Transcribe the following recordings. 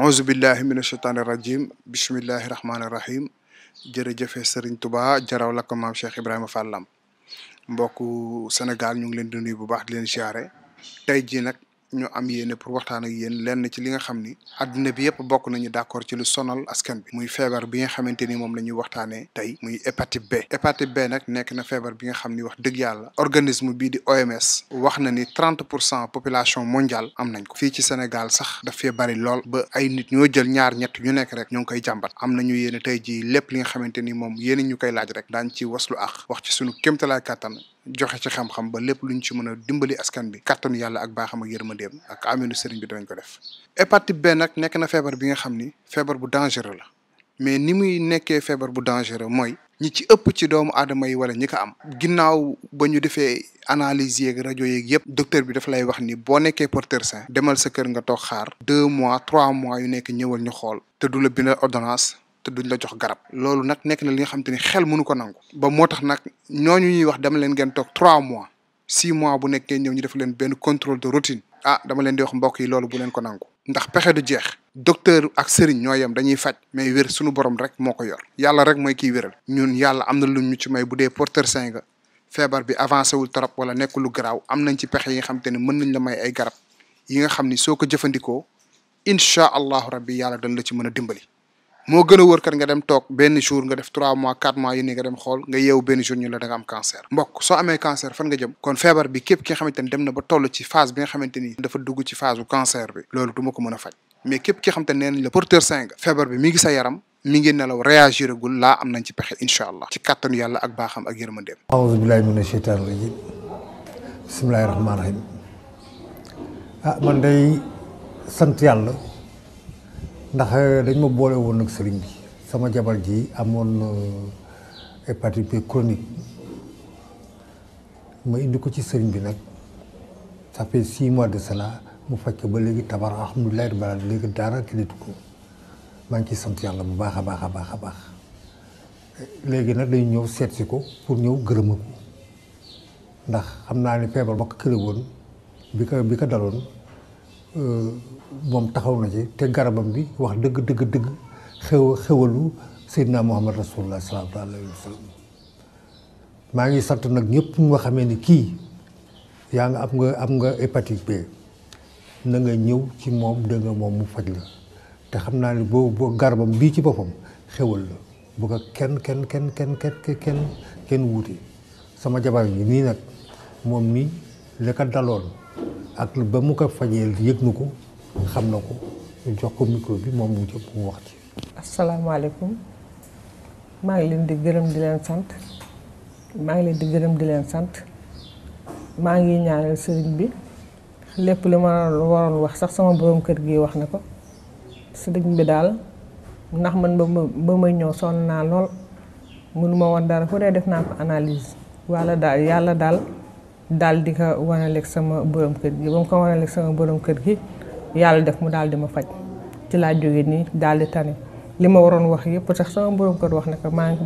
أعوذ بالله من الشيطان الرجيم بسم الله الرحمن الرحيم جرجف سرين توبا جراو لك مام شيخ ابراهيم فالام مبوكو سنغال نيو لين دوني بو باخ لين شاري تاي نك ñu am yéene pour waxtaan ak yéen lenn ci li nga xam ni àddina bi yëpp bokk nañu d'accord ci lu sonal askan bi muy feebar bi nga xamante ni moom la ñuy waxtaanee tey muy hépatite B hépatite B nekk na feebar bi nga xam ni wax dëgg yàlla organisme bi di OMS wax na ni trente pour cent population mondiale am nañ ko fii ci Sénégal sax daf bari lool ba ay nit ñoo jël ñaar ñett ñu nekk rek ñoo ngi koy jàmbat am nañu yéene tey ji lépp li nga xamante ni moom yéen ñu koy laaj rek daañ ci waslu ak wax ci suñu kéemtalaay kàttan joxe ci xam-xam ba lépp ñu ci mën a dimbali askan bi kàttanu yàlla ak baaxam ak yërmandeem ak ameenu sëriñ bi dinañ ko def. hépatite B nag nekk na feebar bi nga xam ni feebar bu dangereux la mais ni muy nekkee feebar bu dangereux mooy. ñi ci ëpp ci doomu aadama yi wala ñi ko am. ginnaaw ba ñu defee analyse yeeg rajo yeeg yëpp. docteur bi dafa lay wax ni boo nekkee porteur sain. demal sa kër nga toog xaar. deux mois trois mois yu nekk ñëwal ñu xool. te du la bindal ordonnance. te duñ la jox garab loolu nak nekk na li nga xam te ni xel mënu ko nangu ba moo tax nag ñooñu ñuy wax dama leen ngeen toog trois mois six mois bu nekkee ñëw ñu def leen benn contrôle de routine ah dama leen di wax mbokk yi loolu bu leen ko nangu ndax pexe du jeex docteur ak sëriñ ñoo yem dañuy faj mais wér suñu borom rek moo ko yor yàlla rek mooy kiy wéral ñun yàlla am na lu ñu ci may bu dee porteur sain nga feebar bi avancé wul trop wala nekk lu garaaw am nañ ci pexe yi nga xam te ne mën nañ la may ay garab yi nga xam ni soo ko jëfandikoo incha allahu rabbi yàlla dañ la ci mën a dimbali moo gën a wër kat nga dem toog benn jour nga def trois mois quatre mois yu ni nga dem xool nga yeewu benn jour ñu la da nga am cancer mbokk soo amee cancer fan nga jëm kon feebar bi képp ki nga xamante ni dem na ba toll ci phase bi nga xamante ni dafa dugg ci phase bu cancer bi loolu du ma ko mën a faj mais képp ki nga xamante ne neen la porteur sain feebar bi mi ngi sa yaram mi ngi nelaw réagir agul laa am nañ ci pexe incha allah ci kàttanu yàlla ak baaxam ak yërmandeem aouzu billahi mina sheytaan rajim bismillahi rahmaani rahim ah man day sant yàlla ndax euh, dañ ma boole woon nag sëriñ bi sama jabar ji amoon euh, hépatite B chronique ma indi ko ci sëriñ bi nag ça fait six mois de cela mu fekk ba léegi tabar alhamdulilah balaa léegi daara kilitu ko maa ngi ciy sant yàlla bu baax a baax a baax a baax léegi nag dañu ñëw seet si ko pour ñëw gërëma ko ndax xam naa ne feebar ba ko kële woon bi ko bi ko daloon mom taxaw na ci te garabam bi wax deug deug deug xew xewalu Seydina Muhammad rasulullah sallallahu Alaihi Wasallam. ma ngi sant nag ñëpp nga xamé ni ki ya nga am nga am nga hepatite B na nga ñew ci mom de nga mom mu faj la te xamna ni bo bo garbam bi ci bopam xewal la bu ko ken ken ken ken ken ken ken wuti sama jabar ni nak nag mi le ka ko ak ba mu ko fajee yëg na ko xam ko ñu jox ko micro bi mom mu jox mu wax ci. alaykum ma ngi leen di gërëm di leen sant ma ngi leen di gërëm di leen sant ma ngi ñaanal sëriñ bi lepp lu ma waroon wax sax sama borom kër gi wax nako ko sëriñ bi dal ndax man ba ma ba may ñëw sonn naa lool mënuma won dara ko def na ko analyse wala daal yalla dal daal di ko wanaleeg sama borom kër gi ba mu ko wanaleeg sama borom kër gi yàlla def mu daal di ma faj ci laa jógee nii daal di tane li ma waroon wax yëpp sax sama borom kër wax na ko maa ngi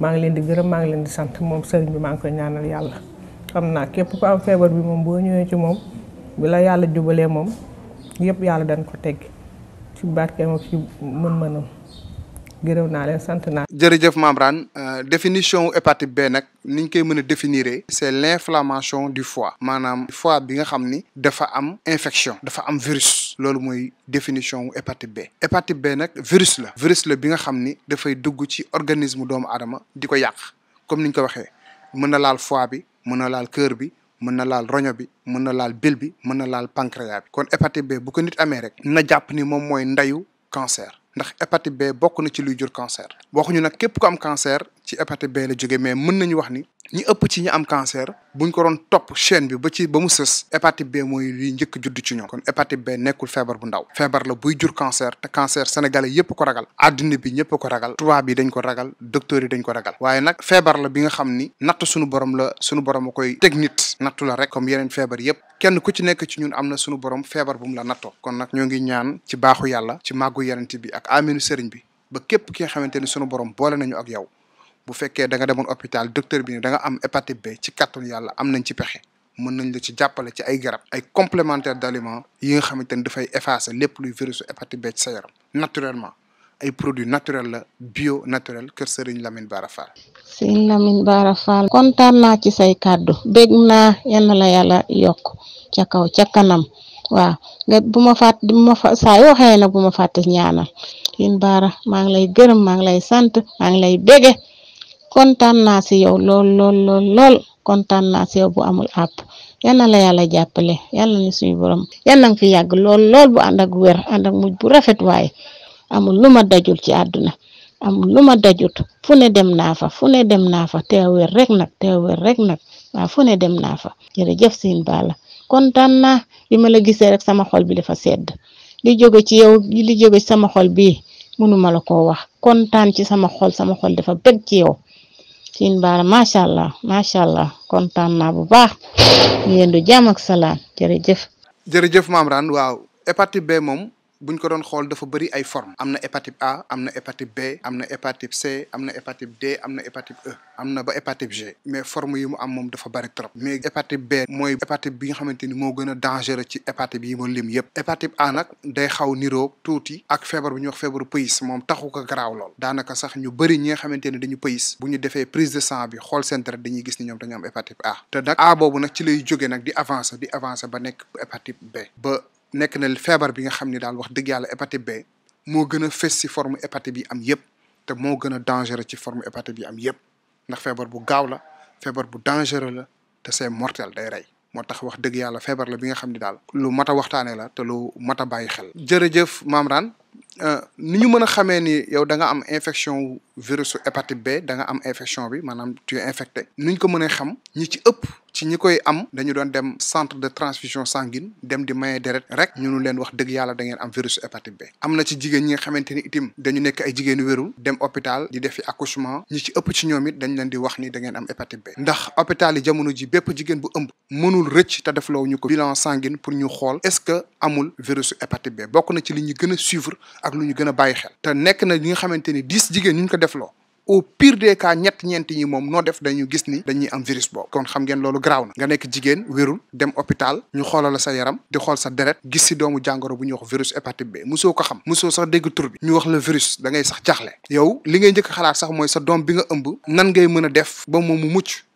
maa ngi leen di gërëm maa ngi leen di sant moom sëriñ bi maa ngi koy ñaanal yàlla. xam naa képp ku am feebar bi moom boo ñëwee ci moom bi la yàlla jubalee moom yëpp yàlla dañ ko tegg ci barkeem ak ci mën-mënam. gërëm naa leen sant naa. jërëjëf Mame euh, définition hépatite B nag niñ koy mën a définir c'est l'inflammation du foie maanaam foie bi nga xam ni dafa am infection dafa am virus loolu mooy définition hépatite B hépatite B nag virus la virus la bi nga xam ni dafay dugg ci organisme doomu aadama di ko yàq comme niñ ko waxee mën na laal foie bi mën na laal cœur bi mën na laal roño bi mën na laal bile bi mën na laal pancréas bi kon hépatite B bu ko nit amee rek na jàpp ni moom mooy ndayu cancer ndax hépatite bokk na ci luy jur cancer waxuñu nag képp ku am cancer ci hépatite B la jóge mais mën nañu wax ni ñi ëpp ci ñi am cancer buñ ko doon topp chaîne bi ba ci ba mu sës hépatite B mooy li njëkk judd ci ñoom kon hépatite be nekkul feebar bu ndaw feebar la buy jur cancer te cancer sénégalais yëpp ko ragal adduna bi ñëpp ko ragal tubaab yi dañ ko ragal docteur yi dañ ko ragal waaye nag feebar la bi nga xam ni natt suñu borom la sunu borom koy teg nit nattu la rek comme yeneen feebar yëpp kenn ku ci nekk ci ñun am na suñu borom feebar bu mu la nattoo kon nag ñoo ngi ñaan ci baaxu yàlla ci màggu yenente bi ak aminu sëriñ bi ba képp ki nga xamante ni sunu borom boole nañu ak yow bu fekkee da nga demoon hôpital docteur bi ne da nga am hépatite B ci kàttanu yàlla am nañ ci pexe mën nañ la ci jàppale ci ay garab. ay complémentaire d' aliment yi nga xamante ni dafay effacer lépp luy virusu hépatite ci sa naturellement ay produits naturels la bio naturel kër Serigne Lamine Bara Fall. Serigne Lamine naa ci say kàddu. na naa a na la yokk ca kaw ca kanam. waaw nga bu ma fàtt bu ma fa saa yoo xëy na lay gërëm maa lay sant maa lay bége kontaan naa si yow lool lool lool lool kontaan naa si yow bu amul àpp yal na la yàlla jàppale yàlla ni suñu borom yal na nga fi yàgg lool lool bu ànd ak wér ànd ak mujj bu rafet waaye amul lu ma dajul ci àdduna amul lu ma dajut fune dem naa fa fu ne dem naa fa tee rek nag tee wér rek nag waaw fu ne dem naa fa jërëjëf Sine Balla kontaan naa bi ma la gisee rek sama xol bi dafa sedd li jóge ci yow li jóge sama xol bii mënuma la koo wax kontaan ci sama xol sama xol dafa bëgg ci yow. Sine Bara macha allah macha allah kontaan na bu baax ngeen du jàmm ak salaam jërëjëf. jërëjëf maam waaw hépatite B moom. buñ ko doon xool dafa bëri ay forme am na hépatite A am na hépatite B am na hépatite am na hépatite D am na hépatite e. am na ba hépatite G mais forme yi mu am moom dafa bari trop mais hépatite B mooy hépatite bi nga xamante ni moo gën a dangereux ci hépatite yi ma lim yëpp hépatite A nag day xaw niroo tuuti ak feebar bu feebaru pays moom taxu ko garaaw lool daanaka sax ñu bëri ñi nga xamante ne dañu pays bu ñu defee prise de sang bi xool centre deret dañuy gis ñoom dañu am hépatite A te nag A boobu nag ci lay jóge nag di avancer di avancer ba nekk hépatite B ba nekk na feebar bi nga xam ni daal wax dëgg yàlla hépatite B moo gën a fës si forme hépatite bi am yëpp te moo gën a dangereux ci forme hépatite bi am yëpp ndax feebar bu gaaw la feebar bu dangereux la te see mortel day rey moo tax wax dëgg yàlla feebar la bi nga xam ni daal lu mat a waxtaanee la te lu mat a bàyyi xel jërëjëf Mamran Euh, ni ñu mën a xamee ni yow da nga am infection virus hépatite B da nga am infection bi maanaam tu es infecté ni ñu ko mënee xam ñi ci ëpp ci ñi koy am dañu doon dem centre de transfusion sanguine dem di maye deret rek ñu nu leen wax dëgg yàlla da ngeen am virus hépatite B am na ci jigéen ñi nga xamante ni itim dañu nekk ay jigéen wérul dem hôpital di defi accouchement ñi ci ëpp ci ñoom it dañ leen di wax ni da ngeen am hépatite B ndax hôpital yi jamono ji bépp jigéen bu ëmb mënul rëcc te defloo ñu ko bilan sanguine pour ñu xool est-ce que amul virus hépatite B bokk na ci li ñu gën a suivre ak lu ñu gën a bàyyi xel te nekk na ñi nga xamante ni dix jigéen ñu ko defloo au pire des cas ñett ñeent ñi moom noo def dañu gis ni dañuy am virus boobu kon xam ngeen loolu garaw na nga nekk jigéen wérul dem hôpital ñu xoolal sa yaram di xool sa deret gis si doomu jàngoro bu ñuy wax virus hépatite B mosoo ko xam mosoo sax dégg tur bi ñu wax la virus da ngay sax jaaxle yow li ngay jëkk xalaat sax mooy sa doom bi nga ëmb nan ngay mën a def ba moom mu mucc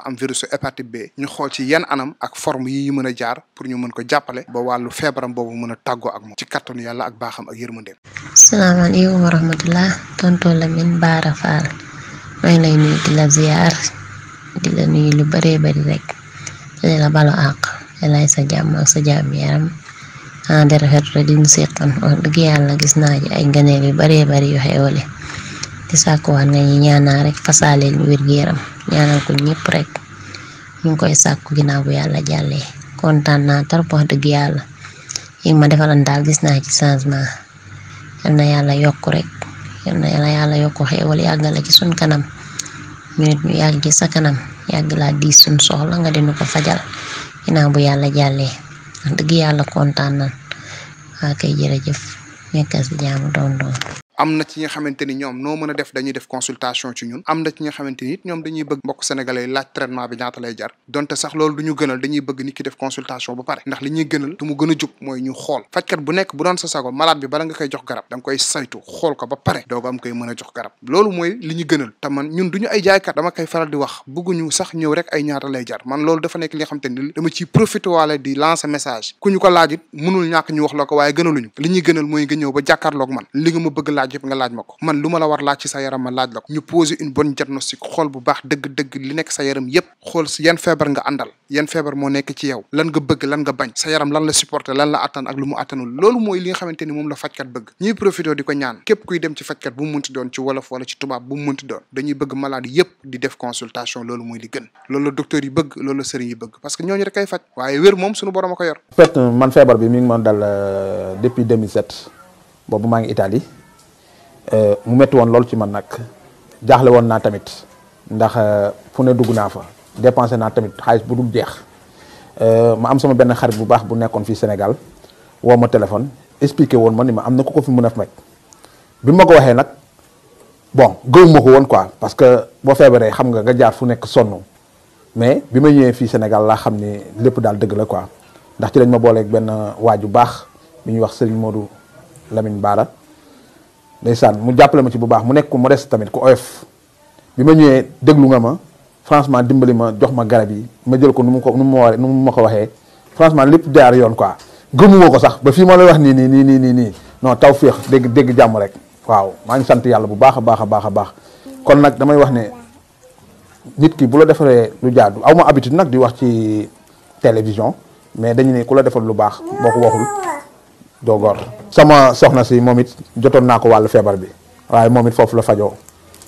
dafa am virusu hépatite B ñu xool ci yan anam ak forme yi ñu mën a jaar pour ñu mën ko jàppale ba wàllu feebaram boobu mën a tàggoo ak moom ci kattanu yàlla ak baaxam ak yërmandeem salaamaaleykum wa rahmatullah tontoo Lamine Bara Fall maa ngi lay nuyu di la ziar di la nuyu lu bëree bëri rek di la balu àq di lay sa jàmm ak sa jàmm yaram ah di rafetlu rek di nu seqan wax dëgg yàlla gis naa ji ay ngëneel yu bare bari yu xewale di sàkkuwaat nga ñu ñaanal rek fasaaleel ñu wér yaram ñaanal ko ñëpp rek ñu ngi koy sàkku ginnaaw bu yàlla jàllee kontaan naa trop wax dëgg yàlla yi ma defalan daal gis naa ci changement yal na yàlla yokk rek yal na yàlla yokk xéewal yàggal ci sun kanam ñu nit ñu yàgg ci sa kanam yàgg laa di sun soxla nga dinu ko fajal ginaaw bu yàlla jàllee dëgg yàlla kontaan nan waa kay jërëjëf nekkal si jaamu doon doon am na ci nga xamante ni ñoom noo mën a def dañuy def consultation ci ñun am na ci nga xamante ni it ñoom dañuy bëgg mbokk sénégalais laaj traitement bi ñaata lay jar donte sax loolu du ñu gënal dañuy bëgg nit ki def consultation ba pare ndax li a jub mooy ñu xool nekk bu doon sa sago malade bi bala nga koy jox garab da nga koy saytu xool ko ba pare dooga am koy a jox man ñun duñu ay jaaykat dama koy faral di wax bëgguñu sax ñëw rek ay ñaata lay jar man loolu dafa nekk li nga xamante ni dama ciy profité waale di lancer message ku ñu ko laajit mënul ñàkk ñu wax la ko waaye gënaluñu li ñu gënal mooy nga ñëw ba jàkkaarloog man li laaj yëpp nga laaj ma ko man lu ma la war laaj ci sa yaram ma laaj la ko ñu poser une bonne diagnostic xool bu baax dëgg-dëgg li nekk sa yaram yëpp xool yan feebar nga àndal yan feebar moo nekk ci yow lan nga bëgg lan nga bañ sa yaram lan la supporter lan la attan loolu mooy li nga xamante ni moom la fajkat bëgg ñuy profité di ko ñaan képp kuy dem ci fajkat bu mu munti doon ci wolof wala ci tubaab bu mu munti doon dañuy bëgg malade yëpp di def consultation loolu mooy li gën loolu Euh, mu metti won lol ci man nak jaaxle won na tamit ndax euh, fu ne dugg fa dépenser na tamit xaalis bu dul jeex euh, ma am sama ben xarit bu baax bu nekkoon fi Sénégal wo ma téléphone expliquer won man ni ma amna ko ko fi mën a faj bi ma ko waxee nag bon gëw ma ko quoi parce que bo feebaree xam nga nga jaar fu nekk sonn mais bima ñëwé fi Sénégal la xam ni lépp daal dëgg la quoi ndax ci lañ ma bolé ak ben waju baax bi ñu wax Serigne Modou Lamine Bara ndeysaan mu jàppale ma ci bu baax mu nekk ku modeste tamit ku oyof bi ma ñëwee déglu nga ma franchement dimbali ma jox ma garab yi ma jël ko nu mu ko nu mu ma waree nu mu ma ko waxee franchement lépp jaar yoon quoi gëmuma ko sax ba fii ma lay wax nii nii nii nii nii nii non taw féex dégg dégg jàmm rek waaw maa ngi sant yàlla bu baax a baax a baax a baax kon nag damay wax ne nit ki bu la defaree lu jaadu aw ma habitude nag di wax ci télévision mais dañu ne ku la defal lu baax boo ko waxul doo sama soxna si moom it jotoon naa ko wàllu feebar bi waaye moom it foofu la fajoo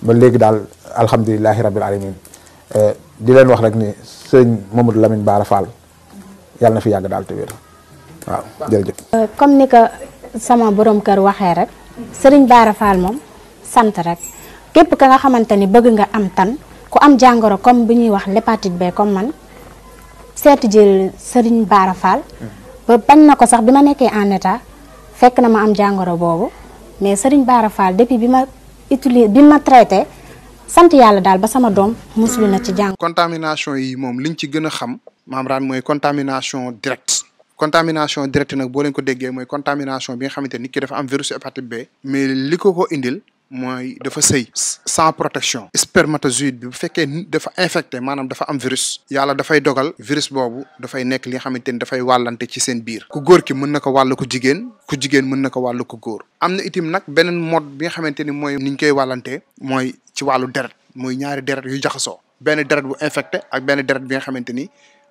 ba léegi daal alhamdulilahi rabil alamin eh, di leen wax rek ni sëñ Mamadou Lamine Bara Fall yàlla na fi yàgg daal te wér waaw jërëjëf. Eh, comme ni ko sama boroom kër waxee rek sëriñ Bara Fall moom sant rek képp ka nga xamante ni bëgg nga am tan ku am jàngoro comme bu ñuy wax l'hépatite B comme man seeti jël sëriñ baara Fall mm. ba bañ na ko sax bi ma nekkee en état. fekk na ma am jàngoro boobu mais Serigne Bara Fall depuis bi ma utilisé bi ma traité sant yàlla daal ba sama doom muslu na ci jàng. contamination yi moom liñ ci gën a xam maam raan mooy contamination directe. contamination directe nag boo leen ko déggee mooy contamination bi nga xamante nit ki dafa am virus hépatite B. mais li ko ko indil. mooy dafa sëy sans protection spermatozoïde bi bu fekkee dafa infecté maanaam dafa am virus yàlla dafay dogal virus boobu dafay nekk li nga xamante ni dafay wàllante ci seen biir ku góor ki mën na ko wàll ku jigéen ku jigéen mën na ko wàll ku góor am na itim nag beneen mode bi nga xamante ni mooy niñ koy wàllante mooy ci wàllu deret mooy ñaari deret yu jaxasoo benn deret bu infecté ak benn deret bi nga xamante ni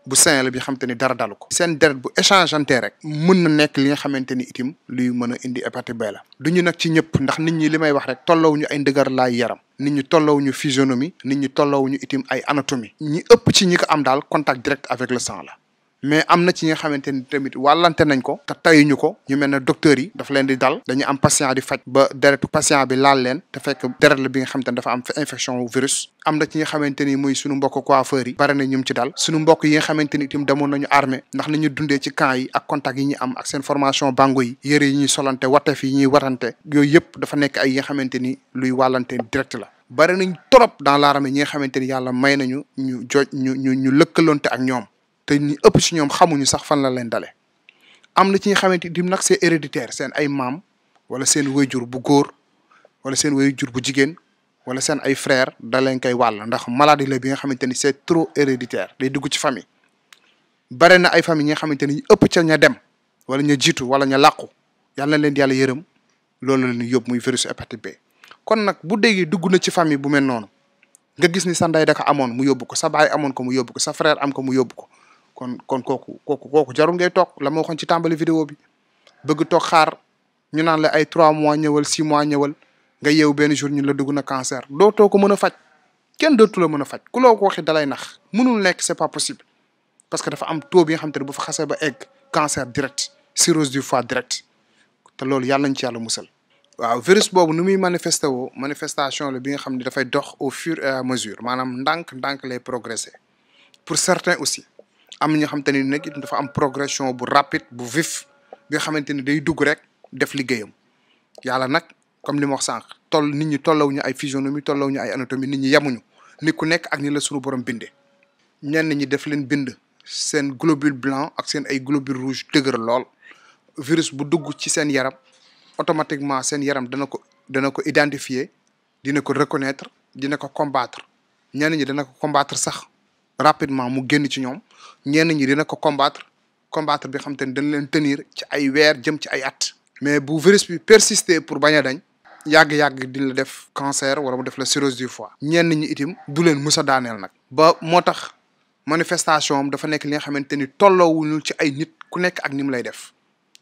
bu sain la bi nga xamante ni dara dalu ko seen deret bu échangeante rek mën na nekk li nga xamante ni itim luy mën a indi hépatite B la du ñu nag ci ñëpp ndax nit ñi li may wax rek ay yaram nit physionomie nit ñi itim ay anatomie ñi ëpp ci ñi ko am contact direct avec le sang mais am na ci nga xamante ni tamit wàllante nañ ko te tayuñu ko ñu mel ne docteurs yi dafa leen di dal dañu am patient di faj ba deretu patient bi laal leen te fekk deret bi nga xamante ni dafa am infection virus am na ci nga xamante ni muy suñu mbokk coiffeurs yi bare na ñum ci suñu mbokk yi nga xamante ni itam demoon nañu armée ndax nañu dundee ci camp yi ak contact yi ñu am ak seen formation bango yi yëre yi ñuy solante wateef yi ñuy warante yooyu yëpp dafa nekk ay yi nga xamante ni luy wàllante direct la bare nañ trop dans l'armée ñi nga xamante ni yàlla may nañu ñu jooj ñu ñu ñu lëkkaloonte ak ñoom te ñi ëpp ci ñoom xamuñu sax fan la leen dale am na ci nga xamante dim nag c'est héréditaire seen ay maam wala seen wayjur bu góor wala seen wayjur bu jigéen wala seen ay frère da leen koy wàll ndax maladie la bi nga xamante ni c'est trop héréditaire day dugg ci famille bare na ay famille ñi nga xamante ni ëpp ca ña dem wala ña jiitu wala ña làqu yàlla na leen di yàlla yërëm loolu la ñuy yóbbu muy virus hépatite B kon nag bu déggee dugg na ci famille bu mel noonu nga gis ni sa ndey amoon mu yóbbu ko sa baay ko mu yóbbu ko sa frère am ko mu yóbbu ko kon kon koku koku koku jarul ngay tok la mo xon ci tambali vidéo bi bëgg tok xaar ñu naan la ay 3 mois ñëwal 6 mois ñëwal nga yew ben jour ñu la dugg na cancer do to ko mëna a faj kenn dootu la mëna a ku lo ko waxee dalay nax mënul nekk c'est pas possible parce que dafa am taux bi nga xam te bu fa xasse ba egg cancer direct cirrhose du foie direct te loolu yàlla nañ ci yàlla musal. waaw virus boobu nu muy manifesté woo manifestation la bi nga xam ne dafay dox au fur et à mesure maanaam ndànk ndànk lay progresser pour certains aussi. am ñoo xamante ne nag dafa am progression bu rapide bu vif bi nga xamante ni day dugg rek def liggéeyam yàlla nag comme li ma wax sànq toll nit ñi tollawuñu ay physionomie tollawuñu ay anatomie nit ñi yemuñu ni ku nekk ak ni la suñu borom bindee. ñenn ñi def leen bind seen globule blanc ak seen ay globule rouge dëgër lool virus bu dugg ci seen yaram automatiquement seen yaram dana ko dana ko identifier dina ko reconnaître dina ko combattre ñenn ñi dana ko combattre sax. rapidement mu génn ci ñoom ñenn ñi dina ko combattre combattre bi xam te ne dañ leen tenir ci ay weer jëm ci ay at. mais bu virus bi persister pour bañ a dañ. yàgg-yàgg di la def cancer wala mu def la cirrhose du foie. ñenn ñi itim du leen mus daaneel nag. ba moo tax manifestation am dafa nekk li nga xamante ni tolloowuñu ci ay nit ku nekk ak ni lay def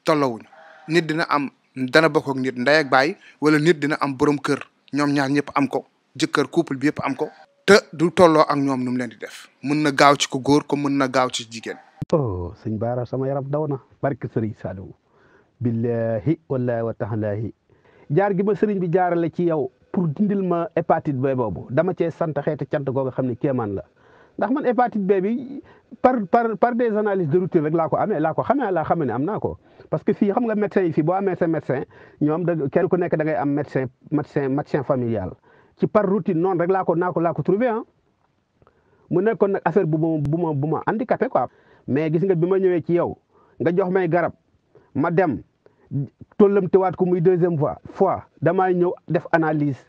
tolloowuñu nit dina am dana bokk ak nit ndey ak baay wala nit dina am borom kër ñoom ñaar ñëpp am ko jëkkër couple bi yëpp am ko. te du tolloo ak ñoom nu mu leen di def mën na gaaw ci ko góor ko mën na gaaw ci jigéen. oh sëñ Baara sama yaram daw na barke Sëriñ Saliou billahi wallahi wa taalahi jaar gi ma sëriñ bi jaarale ci yow pour dindil ma hépatite B boobu dama cee santa xeetu cant googu xam ne kéemaan la ndax man hépatite B par par par des analyses de routine rek laa ko amee laa ko xamee laa xamee ne am naa ko parce que fii xam nga médecin yi fii boo amee sa médecin ñoom da da ngay am médecin médecin familial. ci par routine non rek la ko nako la ko trouver hein ah. mu nekkoon nak affaire bu buma buma ma handicapé quoi. mais gis nga bima ma ci yow nga jox may garab ma dem wat ko muy deuxième fois fois dama ñëw def analyse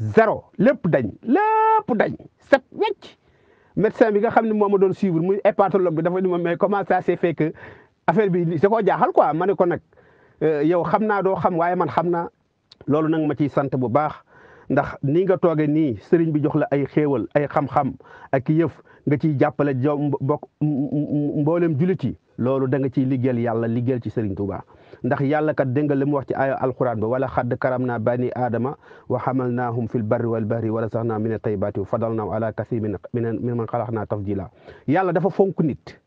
zéro lepp dañ lepp dañ set wecc médecin bi nga xamni moma moo doon suivre muy hépatologue bi dafa ni mais comment ça s'est fait que affaire bi da koo jaaxal quoi mané ko nak euh, yow xamna do xam waye man xamna naa nak ma ci sant bu baax. ndax ni nga toogee nii sëriñ bi jox la ay xéewal ay xam-xam ak yëf nga ciy jàppale jo mbokk mboolem jullit yi loolu da nga ciy liggéeyal yàlla liggéeyal ci sëriñ Tuuba ndax yàlla kat dégg nga mu wax ci aaya alquran ba wala xadd karam naa bani aadama wa xamal naahum fi lbarri wal bari wa rasax naa min a taybaati wa fadal naa ala kasir min min man xalax naa tafdila yàlla dafa fonk nit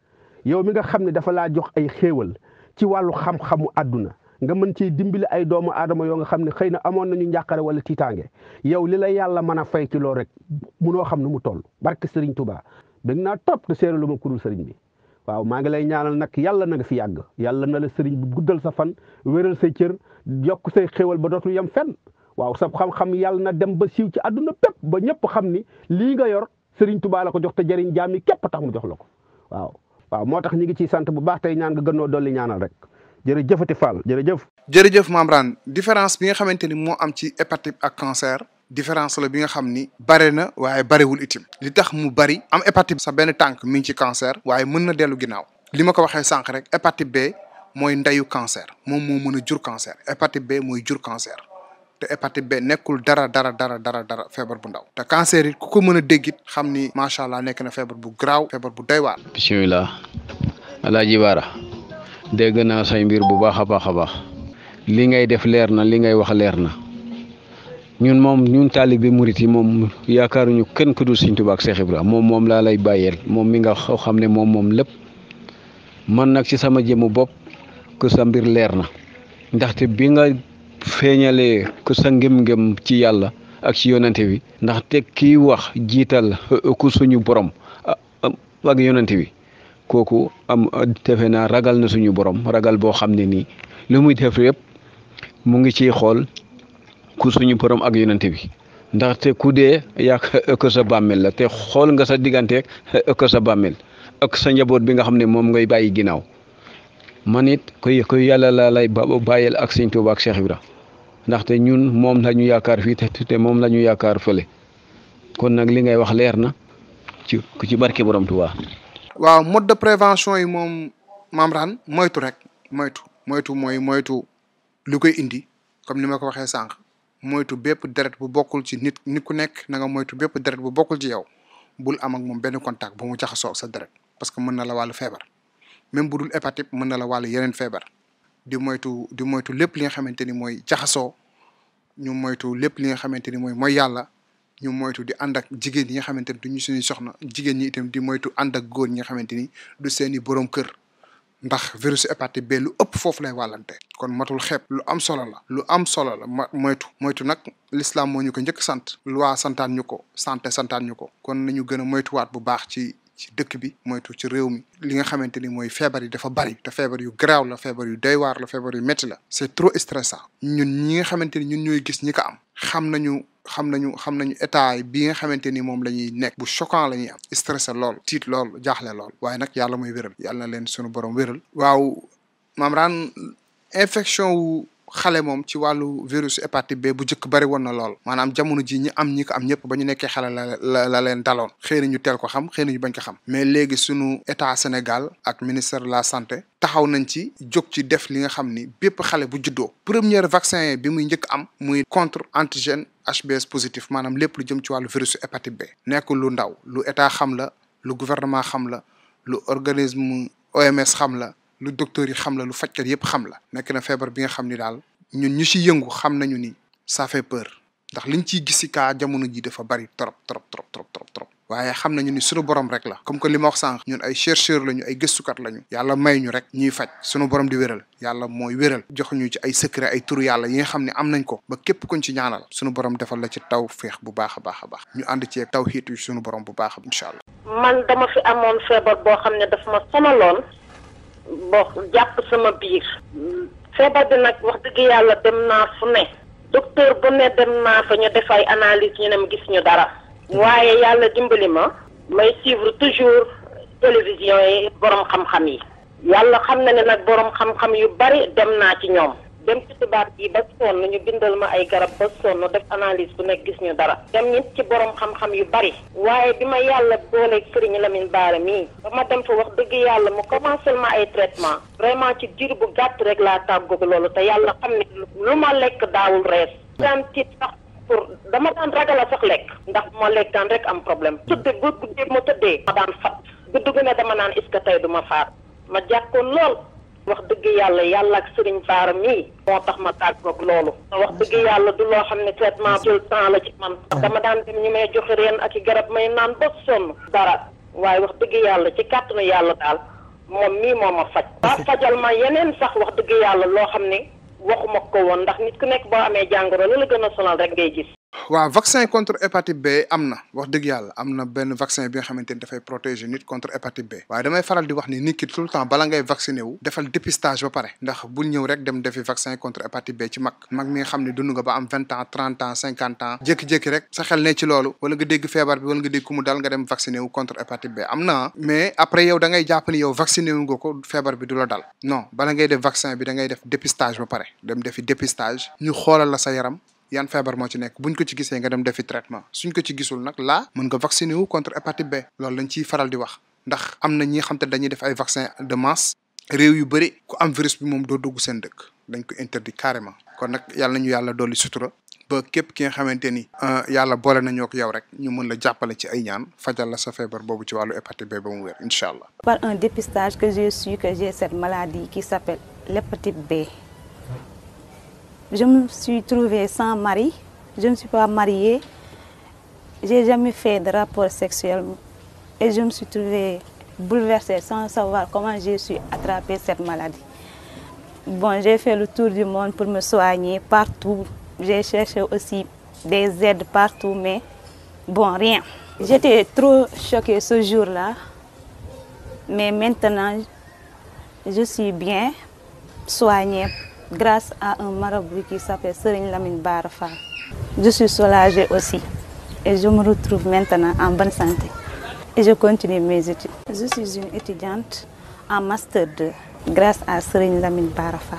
yow mi nga xam ne dafa laa jox ay xéewal ci wàllu xam-xamu àdduna nga mën ci dimbali ay doomu aadama yoo nga xam ne xëy na amoon nañu njàqare wala tiitaange yow li la yàlla mën a fay ci loolu rek munoo xam nu mu toll barke Serigne Touba dégg naa topp te lu ma kurul Serigne bi. waaw maa ngi lay ñaanal nag yàlla na nga fi yàgg yàlla na la sëriñ bi guddal sa fan wéral say cër yokk say xéwal ba dootul yem fenn waaw sa xam-xam yàlla na dem ba siiw ci àdduna bépp ba ñëpp xam ni lii nga yor sëriñ Tuubaa la ko jox te jariñ jaam yi képp tax mu jox la ko waaw. moo tax ñu ngi ciy sant bu baax tey ñaan nga gënoo dolli ñaanal rek jërëjëfati Fall jërëjëf. jërëjëf Membrane différence bi nga xamante ni moo am ci hépatite ak cancer. différence la bi nga xam ni bare na waaye barewul itim li tax mu bari am hépatite sa benn tànk mi ci cancer waaye mën na dellu ginnaaw li ma ko waxee sànq rek hépatite be mooy ndayu cancer moom moo mën a jur cancer hépatite B mooy jur cancer te hépatite be nekkul dara dara dara dara dara feebar bu ndaw te cancer it ku ko mën a déggit xam ni macha allah nekk na feebar bu garaaw feebar bu doy waar bismillah alaaji dégg naa say mbir bu baax a baax a baax li ngay def leer na li ngay wax leer na ñun moom ñun taalibe murit yi moom yaakaaruñu kenn ku dul Sëñ Tuubaa ak Seex Ibra moom moom laa lay bàyyeel moom mi nga xam ne moom moom lépp man nag ci sama jëmu bopp ku sa mbir leer na ndaxte bi nga feeñalee ku sa ngëm-ngëm ci yàlla ak ci yonante bi ndaxte kii wax jiital ku suñu borom ah, ah, ak yonante bi kooku am defe naa ragal na suñu borom ragal boo xam ne nii lu muy def yëpp mu ngi ci xool ku suñu borom ak yonente bi ndaxte ku dee yaa ëkk sa bàmmeel la te xool nga sa diggante ëkk sa bàmmeel ak sa njaboot bi nga xam ne moom ngay bàyyi ginnaaw man it koy koy yàlla laa lay bàyyil ak sëñ Tuuba ak Cheikh Ibra ndaxte ñun moom la ñu yaakaar fii te moom la ñu yaakaar fële kon nag li ngay wax leer na ci ku ci barke borom Tuuba waaw mode de prévention yi moom membrane moytu rek moytu moytu mooy moytu lu koy indi comme ni ma ko waxee sànq moytu bépp deret bu bokkul ci nit nit ku nekk naga moytu bépp deret bu bokkul ci yow bul am moom benn contact bo mu jaxasoo sa deret parce que mën na la wàllu feebar même budul dul hépatite mën na la wàllu yeneen feebar di moytu di moytu lépp li nga xamante ni mooy jaxasoo ñu moytu lépp li nga xamante ni mooy mooy yàlla ñu moytu di ànd jigéen ñi nga xamante ni du ñu suñuy soxna jigéen ñi itam di moytu ànd ak góor ñi nga xamante ni du seeni borom kër ndax virus hépatite B lu ëpp foofu lay wàllante kon matul xeeb lu am solo la lu am solo la ma moytu moytu nag l'islam moo ñu ko njëkk sant loi santaan ñu ko santé santaan ñu ko kon ñu gën a moytuwaat bu baax ci dëkk bi moytu ci réew mi li nga xamante ni mooy feebar yi dafa bari te feebar yu garaaw la feebar yu doy waar la feebar yu métti la c'est trop stressant ñun ni ñun ñooy gis ñi ko am xam nañu xam nañu xam nañu état bi nga xamante ni moom la ñuy nekk bu choquant la ñuy am stressé lool tiit lool jaaxle lool waaye nag yàlla mooy wéral yàlla na leen sunu borom wéral waaw maam raan infection wu xale moom ci wàllu virus hépatite B bu njëkk bari woon na lool maanaam jamono ji ñi am ñi ko am ñëpp bañu ñu nekkee xale la la leen daloon xëy na ñu teel ko xam xëy na ñu bañ ko xam mais léegi sunu état Sénégal ak ministère de la santé taxaw nañ ci jóg ci def li nga xam ni bépp xale bu juddoo première vaccin bi muy njëkk am muy contre antigène HBs positif maanaam lépp lu jëm ci wàllu virus hépatite B nekk lu ndaw lu état xam la lu gouvernement xam la lu organisme OMS xam la lu docteur yi xam la lu fajkat yépp xam la nekk na feebar bi nga xam ni daal ñun ñu ci yëngu xam nañu ni ça fait peur ndax liñ ciy gis si kaa jamono ji dafa bari trop trop trop trop trop trop waaye xam nañu ni suñu borom rek la comme que li ma wax sànq ñun ay chercheur lañu ay gëstukat lañu yàlla may ñu rek ñuy faj suñu borom di wéral yàlla mooy wéral jox ñu ci ay secret ay turu yàlla yi nga xam ne am nañ ko ba képp kuñ ci ñaanal suñu borom defal la ci taw féex bu baax a baax ñu ànd ci taw xiitu borom bu baax allah man dama fi amoon feebar boo xam ne daf ma sonaloon bon jàpp sama biir. feebar bi nag wax dëgg yàlla dem naa fu ne. docteur bu ne dem naa fa ñu def ay analyse ñu ne ma gis ñu dara. waaye yàlla dimbali ma. may suivre toujours télévision yi borom xam-xam yi. yàlla xam na ne nag borom xam-xam yu bari dem naa ci ñoom. dem ci tubaab yi ba sonn ñu bindal ma ay garab ba sonn def analyse bu nekk gis ñu dara dem nit ci boroom xam-xam yu bari waaye bi ma yàlla booleeg sëriñ Lamine Baara mii ba ma dem fa wax dëgg yàlla mu commencé ma ay traitement vraiment ci diir bu gàtt rek laa tàggoog loolu te yàlla xam ne lu ma lekk daawul rees daan tiit sax pour dama daan ragal sax lekk ndax bu ma lekk rek am problème tëddee bu guddee ma tëddee ma daan fat gudd gu ne dama naan est-ce du ma faat ma wax dëgg yàlla yàlla ak sëriñ Baara mii moo tax ma tàggoog loolu wax dëgg yàlla du loo xam ne traitement jël temps la ci man dama daan dem ñu may jox reen ak i garab may naan ba sonn dara waaye wax dëgg yàlla ci kàttanu yàlla daal moom mii moom ma faj waa fajal ma yeneen sax wax dëgg yàlla loo xam ne waxuma ko woon ndax nit ku nekk boo amee jàngoro la la gën a sonal rek ngay gis waaw vaccin contre hépatite B amna wax deug yalla amna na benn vaccin bi nga xamanteni da fay protéger nit contre hépatite B waaye damay faral di wax ni nit ki tout le temps bala ngay vacciné wu defal dépistage ba paré ndax bul ñew rek dem defi vaccin contre hépatite B ci mak mak mi nga xam ne nga ba am 20 ans 30 ans 50 ans jek jek rek sa xel ne ci lolu wala nga dégg fièvre bi wala nga dégg ku mu dal nga dem vacciné wu contre hépatite B amna mais après yow da ngay japp ni yow vacciné wu nga ko bi du la dal non bala ngay def vaccin bi da ngay def dépistage ba paré dem defi dépistage ñu xolal la sa yaram yan feebar mo ci nek buñ ko ci gisee nga dem defi traitement suñ ko ci gisul nak la mën nga vacciner wu contre hépatite B loolu lañ ci faral di wax ndax amna ñi xam dañuy def ay vaccin de masse réew yu bëri ku am virus bi mom do dugg sen dëkk dañ ko interdit carrément kon nak yalla ñu yalla doli sutura ba képp ki nga xamante ni euh, yàlla boole nañoo ak yow rek ñu mën la jàppale ci ay ñaan fajal la sa feebar boobu ci wàllu hépatite B ba mu wér incha allah par un dépistage que j'ai su que j'ai cette maladie qui s'appelle l'hépatite B je me suis trouvée sans mari, je ne suis pas mariée, Je n'ai jamais fait de rapport sexuel et je me suis trouvée bouleversée sans savoir comment je suis attrapée cette maladie. Bon, j'ai fait le tour du monde pour me soigner partout. J'ai cherché aussi des aides partout, mais bon, rien. J'étais trop choquée ce jour-là, mais maintenant, je suis bien soignée grâce à un marabout qui s'appelle Serigne Lamine Barafa. Je suis soulagée aussi et je me retrouve maintenant en bonne santé. Et je continue mes études. Je suis une étudiante en Master 2 grâce à Serigne Lamine Barafa.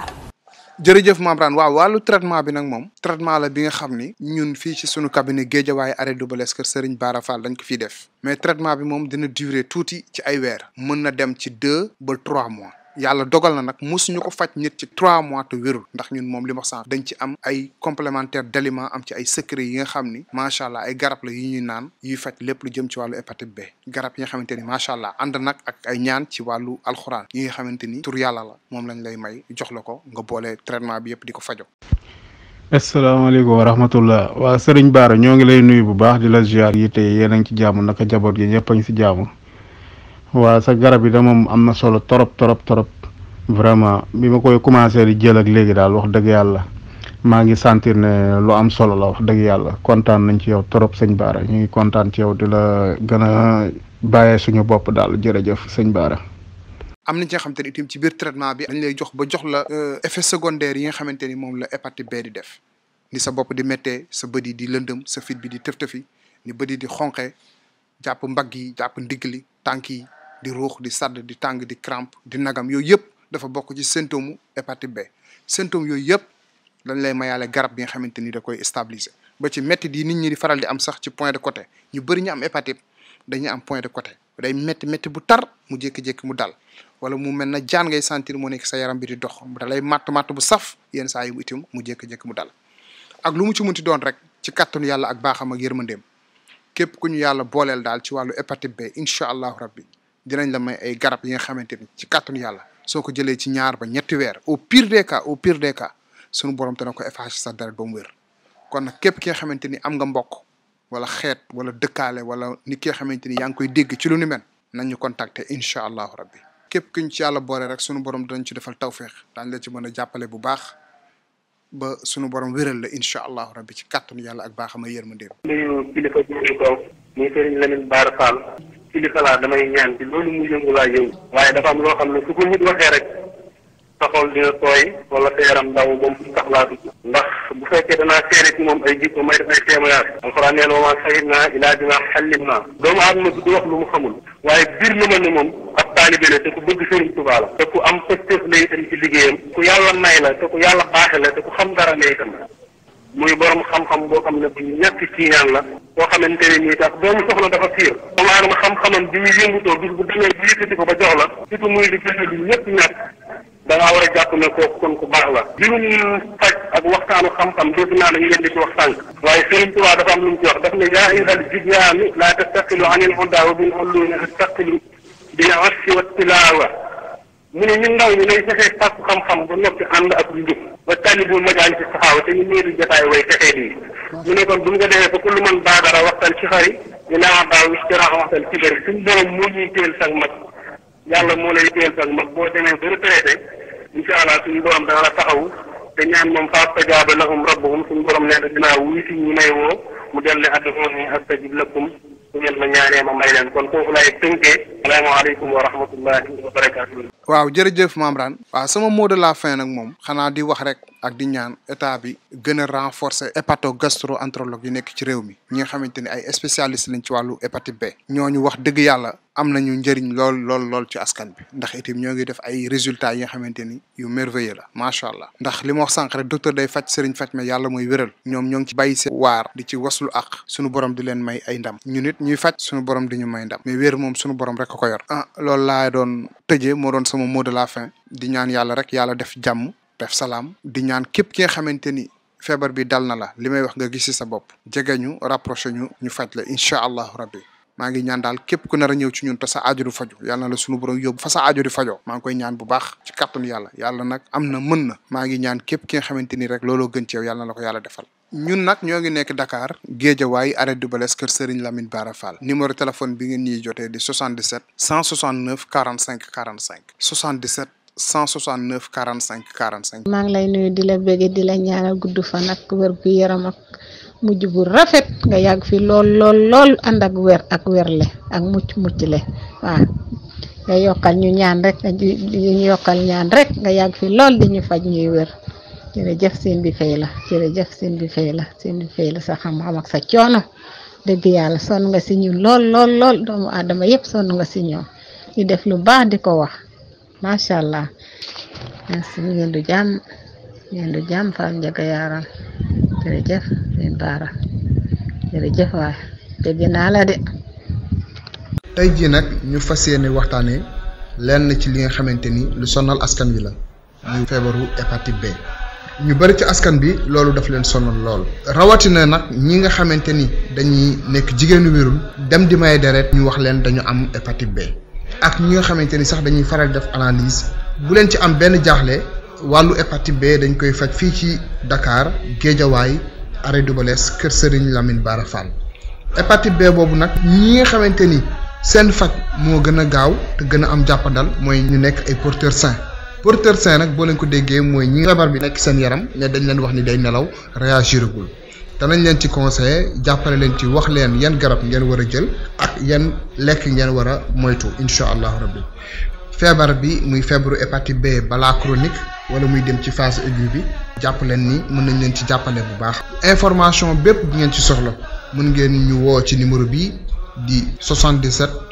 jërëjëf Mambran, Rane waaw wàllu traitement bi nag moom traitement la bi nga xam ni ñun fii ci sunu cabinet Guédiawaye arrêt du Serigne Fall dañ ko fiy def mais traitement bi moom dina durer tuuti ci ay weer mën na dem ci deux ba trois mois yàlla dogal na nag mosuñu ko faj nit ci trois mois te wérul ndax ñun moom li ma sànq dañ ci am ay complémentaire d'aliments am ci ay secret yi nga xam ni macha allah ay garab la yu ñuy naan yuy faj lépp lu jëm ci wàllu hépatite B garab yi nga xamante ni macha allah ànd nag ak ay ñaan ci wàllu alxuraan yi nga xamante ni tur yàlla la moom lañ lay may jox la ko nga boole traitement bi yëpp di ko fajo asalaamaaleykum wa rahmatullah waa Sëriñ Baara ñoo ngi lay nuyu bu baax di la ziar yi tey yéen ngi ci jàmm naka jaboot gi ñëpp a ngi si wa sa garab yi da moom solo torop torop torop vraiment bima koy commencer di jël ak léegi dal wax deug yalla ma ngi sentir ne lu am solo la wax deug yalla contane nañ ci yow torop seigne bara ñi ngi contane ci yow dila gëna baye suñu bop dal jërëjëf sëñ Baara. am na ci xamanteni itim ci biir traitement bi dañ lay jox ba jox la euh, effet secondaire yi nga xamanteni mom la hépatite B di def ni sa bop di metté sa bëdi di lëndëm sa fit bi di teftefi ni bëdi di xonxé japp mbagg yi jàpp ndigli tanki di ruux di sad di tang di kram di nagam yoy yep dafa bok ci symptôme hépatite B symptôme yoy yep dañ lay mayale garab bi nga xamanteni da koy stabiliser ba ci metti di nit ñi di faral di am sax ci point de côté ñu bari ñi am hépatite dañuy am point de côté day metti metti bu tar mu jek jek mu dal wala mu melna na jaan ngay sentir mo nek sa yaram bi di dox mu dalay mat mat bu saf yeen sa yu itim mu jek jek mu dal ak lu mu ci munti don rek ci kàttanu yalla ak baxam ak yermandem kep ku ñu yalla bolel dal ci walu hepatite B inshallah rabbi dinañ la may ay garab yi nga xamante ni ci kàttanu yàlla soo ko jëlee ci ñaar ba ñetti weer au pire des cas au pire des cas sunu borom dana ko effacer sa deret ba mu wér kon képp ki nga xamante ni am nga mbokk wala xeet wala dëkkaale wala nit ki nga xamante ni yaa ngi koy dégg ci lu ni mel nañu contacter incha allahu rabbi képp ki ñu ci yàlla boole rek sunu borom dinañ ci defal tawféex daañ la ci mën a jàppale bu baax ba sunu borom wéral la incha allahu rabbi ci kàttanu yàlla ak baaxam a yërmandeem. nuyu kilifa ci li xalaat damay ñaan ci loolu mu yëngu laa yëngu waaye dafa am loo xam ne su ko nit waxee rek sa xol dina sooy wala sa yaram daw ba mu tax laa dugg ndax bu fekkee danaa seere ci moom ay jikko may def ay témoignage alxuraan nee na wa maa shahidnaa du wax lu mu xamul waaye biir na ma ne moom ab taalibe la te ku bëgg Sëriñ Tuubaa la te ku am pëstéef la itam ci liggéeyam ku yàlla may la te ku yàlla baaxe la te ku xam dara la itam muy borom xam-xam boo xam ne bu ñàkk ci ñaan la. boo xamante ne nii tax doomu soxla dafa fiir. doomu aadama xam-xamam bi muy yëngutoo bis bu demee bu yëkkati ko ba jox la. surtout muy di fexe bi ñëpp ñàkk. da ngaa war a jàpp ne kooku kon ku baax la. mbirum faj ak waxtaanu xam-xam dégg naa dañu leen di ci wax sànq. waaye Sëriñ Tuubaa dafa am lu mu ci wax daf ne yaa ayyuhal jiyaani laa tastaqilu anil hudaa wa bil ulumi istaqilu bil assi wat tilaawa mu ne ñun ndaw ñi nañ fexee takku xam-xam ba noppi ànd ak lu jub ba tàllibu majaañ ci saxaaw te ñu ñëw di jotaay way texee di mu ne kon bu ñu ko defee ba ku lu mën baadara ci xari dinaa baaw wis ci raax waxtaan ci bëri suñu borom moo ñuy téel sag mag yàlla moo lay téel sag mag boo demee ba retraité incha allah suñu borom dana a taxawu te ñaan moom fa astajaaba lahum rabbuhum suñu borom nee na dinaa wuy si ñu may woo mu dellee adduuni astajib su ngeen ma ñaanee wa rahmatullahi wa barakaatu waaw jërëjëf Mame Rane sama mot de la fin nag moom xanaa di wax rek ak di ñaan état bi gën a renforcer hépato gastro-entérologue yi nekk ci réew mi ñi nga xamante ni ay spécialiste lañ ci wàllu épati B ñooñu wax dëgg yàlla am ñu njëriñ lool lool lool ci askan bi ndax itam ñoo ngi def ay résultats yi nga xamante ni yu merveilleux la macha allah ndax li ma wax sànq rek docteur day faj sëriñ faj ma yàlla mooy wéral ñoom ñoo ngi ci bàyyi seen waar di ci waslu ak suñu borom di leen may ay ndam ñun it ñuy faj suñu borom di ñu may ndam mi wér moom suñu borom rek ko yor ah loolu laa doon tëjee moo doon sama mot de la fin di ñaan yàlla rek yàlla def jàmm def salaam di ñaan képp ki nga xamante ni feebar bi daal na la li may wax nga gis ci sa bopp jege ñu rapproché ñu ñu faj la incha allahu rabbi maa ngi ñaan daal képp ku nar a ñëw ci ñun te sa aaju du faju yàlla na la sunu borom yóbbu fa sa ajo di fajoo maa koy ñaan bu baax ci kàttanu yàlla yàlla nag am na mën na maa ngi ñaan képp ki nga xamante ni rek looloo gën ci yow na la ko yalla defal ñun nag ñoo ngi nekk Dakar Guédiawaye arrêt du Balès kër Serigne Lamine Bara numéro bi ngeen jotee di 77 169 45 45 169 45 45. maa ngi lay nuyu di la bëgg di la ñaanal gudd fan ak wér gu yaram ak mujj bu rafet nga yàgg fi lool lool lool ànd ak weer ak werle ak mucc mucc le waa nga yokkal ñu ñaan rek ñu yokkal ñaan rek nga yàgg fi lool di ñu faj ñuy wér jërëjëf seen bi fay la jërëjëf seen bi fay la seen bi fay la sa xam-xam ak sa coono dëgg yàlla sonn nga si ñun lool lool lool doomu aadama yëpp sonn nga si ñoom ñu def lu baax di ko wax. masya allah merci ngeen yang jam yang jam jàmm jaga njaga ya jadi jeff yang bara jadi jeff wah jadi nala de tey jii nag ñu fas yéene lenn ci li nga lu sonal askan wi la muy epati hépatite B ñu bari ci askan bi loolu daf leen sonal lool rawatina nak ñi nga xamante ni dañuy nek jigen wérul dem di may deret ñu wax leen dañu am epati B ak ñi nga xamante ni sax dañuy faral def analyse bu leen ci am benn jaaxle wàllu hépatite B dañ koy faj fii ci Dakar Géejawaay arrêt Dubalès Kër Serigne Lamine Bara Fall hépatite B boobu nag ñi nga xamante ni seen faj moo gën a gaaw te gën a am jàppandal mooy ñu nekk ay porteurs sains porteurs sains nag boo leen ko déggee mooy ñi feebar bi nekk seen yaram ne dañ leen wax ni day nelaw réagiragul danañ leen ci conseiller jàppale leen ci wax leen yan garab ngeen war a jël ak yan lekk ngeen war a moytu incha allahu rabbi feebar bi muy feebaru hépatite B balaa chronique wala muy dem ci phase aiguë bi jàpp leen ni mën nañ leen ci jàppale bu baax. information bépp bu ngeen ci soxla mun ngeen ñu woo ci numéro bi di 77.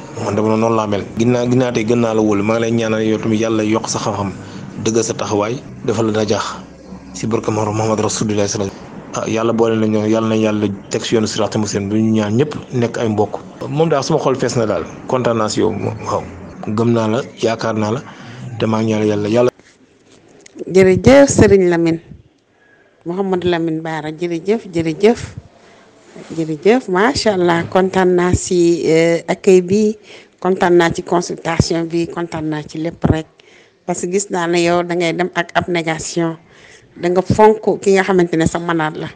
man dama noonu laa mel. ginnaaw ginnaaw tey gën naa la wóolu maa ngi lay ñaanal yow tamit yàlla yokk sa xam-xam dëgg sa taxawaay dafa la najaax si barke Muhammad rasulullah sallallahu ah yàlla boole na ñoom yàlla na yàlla teg si yoonu siraatal mustaqiim bu ñu ñaan ñëpp nekk ay mbokk. moom daal suma xol fees na daal kontaan naa si yow waaw gëm naa la yaakaar naa la te maa ngi ñaan yàlla yàlla. jërëjëf Serigne Lamine Mouhamadou Lamine Baara jërëjëf jërëjëf. jërëjëf macha allah kontaan naa si euh, accueil bi kontaan naa ci consultation bi kontaan naa ci lépp rek parce que gis naa ne yow da ngay dem ak abnégation da nga fonk ki nga xamante ne sa mënaat la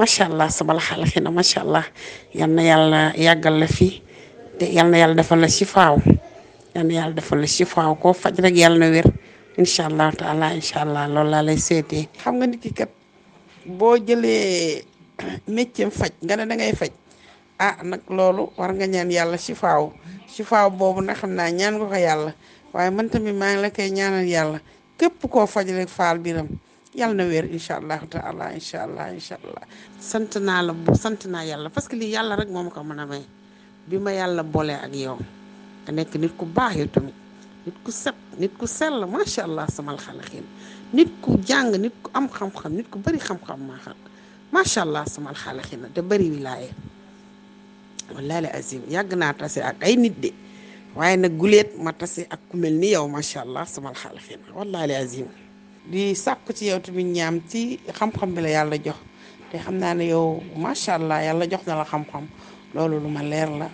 macha allah sa bala xalaxi na macha allah yal na yàlla yàggal la fi te yal na yàlla defal la si faaw yal na yàlla defal la si faaw koo faj rek yàlla na wér incha allah taala incha allah lool la lay seetee. xam nga nit ki kat jëlee. metiem faj nga ne da ngay A ah nag war nga ñaan yàlla si faaw nak faaw boobu na xam naa ñaan nga ko yàlla waaye man tamit maa ngi la ñaanal yàlla rek faal biram yal na wér incha taala ala allah incha allah sant naa la bu sant naa yàlla parce que lii yàlla rek moom ko mën a may bima ma yàlla boolee ak yow nga nek nit ku baax yow tumi nit ku sep nit ku ma allah samal xalaxin nit ku jang nit ku am xam-xam nit ku bari xam-xam ma macha allah sama xalaxi na te bëri wilaaye wallahi la azim yàgg naa tase ak ay nit de waaye nag guleet ma tase ak ku ni yow macha allah sama xalaxi na wallahi la di sàkku ci yow tamit ñaam ci xam-xam bi la yàlla jox te xam naa ne yow macha allah yàlla jox na la xam-xam loolu lu ma leer la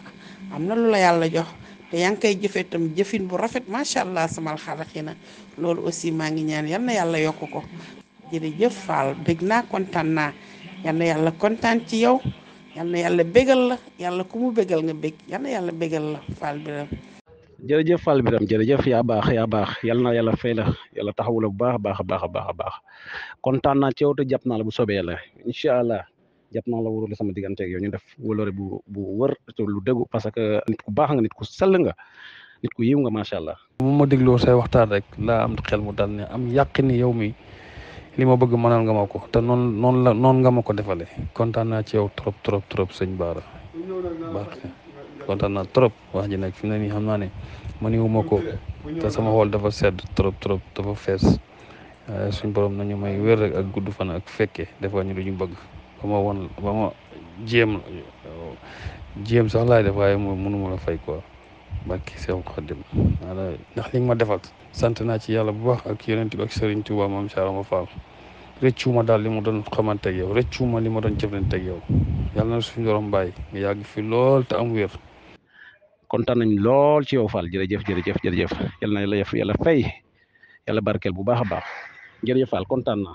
am na la yàlla jox te yaa ngi koy jëfee tam jëfin bu rafet macha allah sama xalaxi na loolu aussi maa ngi ñaan yal na yàlla yokk ko jërëjëf Fall bég naa yalla yalla kontan ci yow yalla yalla begal la yalla kumu begal nga beg yalla yalla begal la Fall Biram jërëjëf fal Biram jërëjëf yaa ya bax ya bax na yalla fay la yalla taxawu la bu bax bax bax bax bax kontan na ci yow te jàpp la bu sobe la inshallah allah jàpp la wuro sama ak yow ñu def wóolore bu bu wër te lu deggu parce que nit ku bax nga nit ku sel nga nit ku yiw nga machallah allah. bu ma dégloo say waxtaan rek la am xel mu dal ne am yaqini yow mi li ma bëgg mënal nga ma ko te noon noonu la noonu nga ma ko defalee kontaan naa ci yaw trop trop trop sëñ Baara baax kontaan trop wax ji nag fi mu ne nii xam naa ne mëniwuma ko te sama xool dafa sedd trop trop dafa fees eh, suñ borom nañu may wér rek ak gudd fan ak fekkee defal ñu lu ñu bëgg ba ma won ba ma jéem jéem sax laay def waaye mënuma la fay ko barke Seexul Xaadim ndax li nga ma defal sant naa ci yàlla bu baax a yonent bi ak Sëriñ Tuubaa maam Cheikh Ibra Fall rëccu ma daal li ma doon xamante ak yow rëccu ma li ma doon jëflante ak yow yàlla na suñu borom bàyyi nga yàgg fi lool te am wér. kontaan nañ lool ci yow Fall jërëjëf jërëjëf jërëjëf yal na yàlla yàlla fay yàlla barkeel bu baax a baax jërëjëf Fall kontaan naa.